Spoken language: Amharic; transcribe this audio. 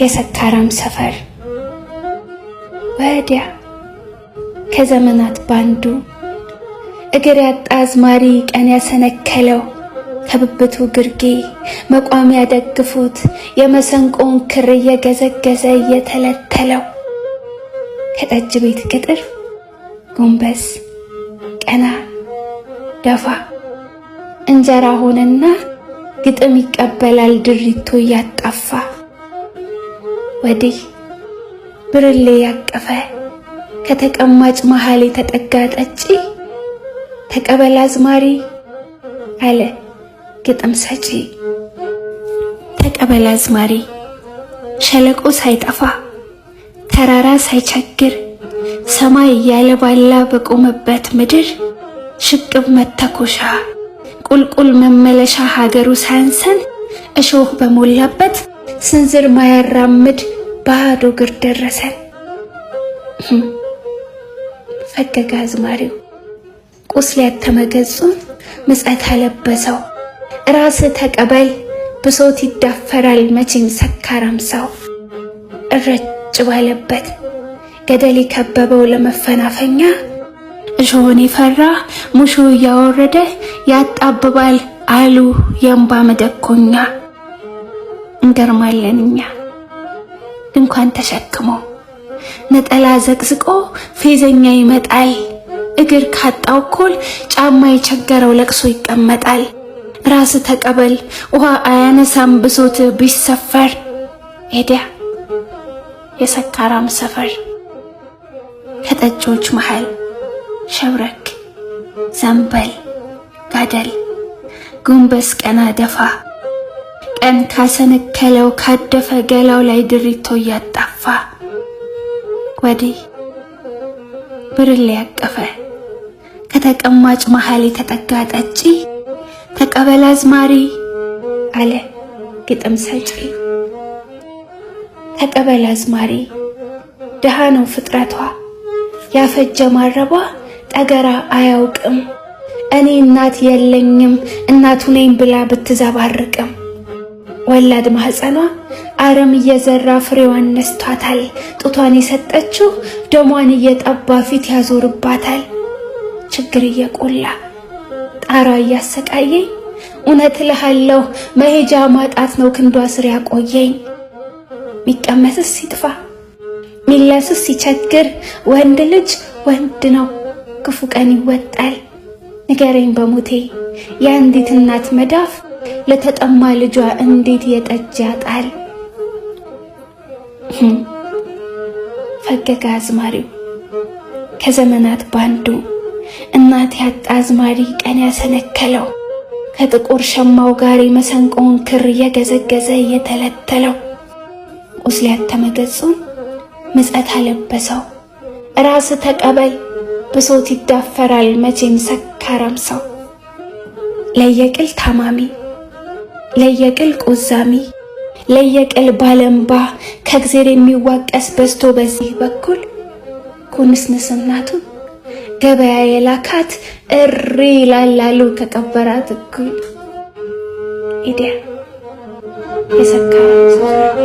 የሰካራም ሰፈር ወዲያ ከዘመናት ባንዱ እግር ያጣ አዝማሪ ቀን ያሰነከለው ከብብቱ ግርጌ መቋሚያ ደግፉት የመሰንቆውን ክር እየገዘገዘ እየተለተለው ከጠጅ ቤት ቅጥር ጎንበስ ቀና ደፋ እንጀራ ሆነና ግጥም ይቀበላል ድሪቶ እያጣፋ ወዲህ ብርሌ ያቀፈ ከተቀማጭ መሃል የተጠጋ ጠጪ ተቀበል አዝማሪ አለ ግጥም ሰጪ። ተቀበል አዝማሪ ሸለቆ ሳይጠፋ ተራራ ሳይቸግር ሰማይ እያለ ባላ በቆመበት ምድር ሽቅብ መተኮሻ ቁልቁል መመለሻ ሀገሩ ሳያንሰን እሾህ በሞላበት ስንዝር ማያራምድ ባዶ እግር ደረሰን። ፈገገ አዝማሪው ቁስል ያተመ ምጸት አለበሰው። ራስ ተቀበል ብሶት ይዳፈራል መቼም ሰካራም ሰው እረጭ ባለበት ገደል የከበበው ለመፈናፈኛ እሾሆን የፈራ ሙሾ እያወረደ ያጣብባል አሉ የእምባ መደኮኛ። እንገርማለን እኛ ድንኳን ተሸክሞ ነጠላ ዘቅዝቆ ፌዘኛ ይመጣል። እግር ካጣው ኩል ጫማ የቸገረው ለቅሶ ይቀመጣል። ራስ ተቀበል ውሃ አያነሳም ብሶት ቢሰፈር ሄዲያ የሰካራም ሰፈር ከጠጮች መሃል ሸብረክ ዘንበል ጋደል ጉንበስ ቀና ደፋ ቀን ካሰነከለው ካደፈ ገላው ላይ ድሪቶ እያጣፋ ወዲህ ብርሌ ያቀፈ ከተቀማጭ መሀል የተጠጋ ጠጪ ተቀበለ አዝማሪ አለ ግጥም ሰጪ። ተቀበለ አዝማሪ ድሃ ነው ፍጥረቷ ያፈጀ ማረቧ ጠገራ አያውቅም። እኔ እናት የለኝም እናቱ ነኝ ብላ ብትዘባርቅም ወላድ ማህፀኗ አረም እየዘራ ፍሬዋን ነስቷታል። ጡቷን የሰጠችው ደሟን እየጠባ ፊት ያዞርባታል። ችግር እየቆላ ጣራ እያሰቃየኝ፣ እውነት እልሃለሁ መሄጃ ማጣት ነው ክንዷ ስር ያቆየኝ። ሚቀመስስ ሲጥፋ ሚለስስ ሲቸግር፣ ወንድ ልጅ ወንድ ነው ክፉ ቀን ይወጣል። ንገረኝ በሞቴ የአንዲት እናት መዳፍ ለተጠማ ልጇ እንዴት የጠጅ ያጣል? ፈገገ አዝማሪው ከዘመናት ባንዱ እናት ያጣ አዝማሪ ቀን ያሰነከለው ከጥቁር ሸማው ጋር የመሰንቆውን ክር እየገዘገዘ እየተለተለው ቁስል ያተመ ምጸት አለበሰው። ራስ ተቀበል ብሶት ይዳፈራል መቼም ሰካራም ሰው ለየቅል ታማሚ ለየቅል ቆዛሚ ለየቅል ባለምባ ከእግዜር የሚዋቀስ በዝቶ በዚህ በኩል ኩንስንስናቱ ገበያ የላካት እሪ ላላሉ ከቀበራት እኩል ኢዲያ የሰከረ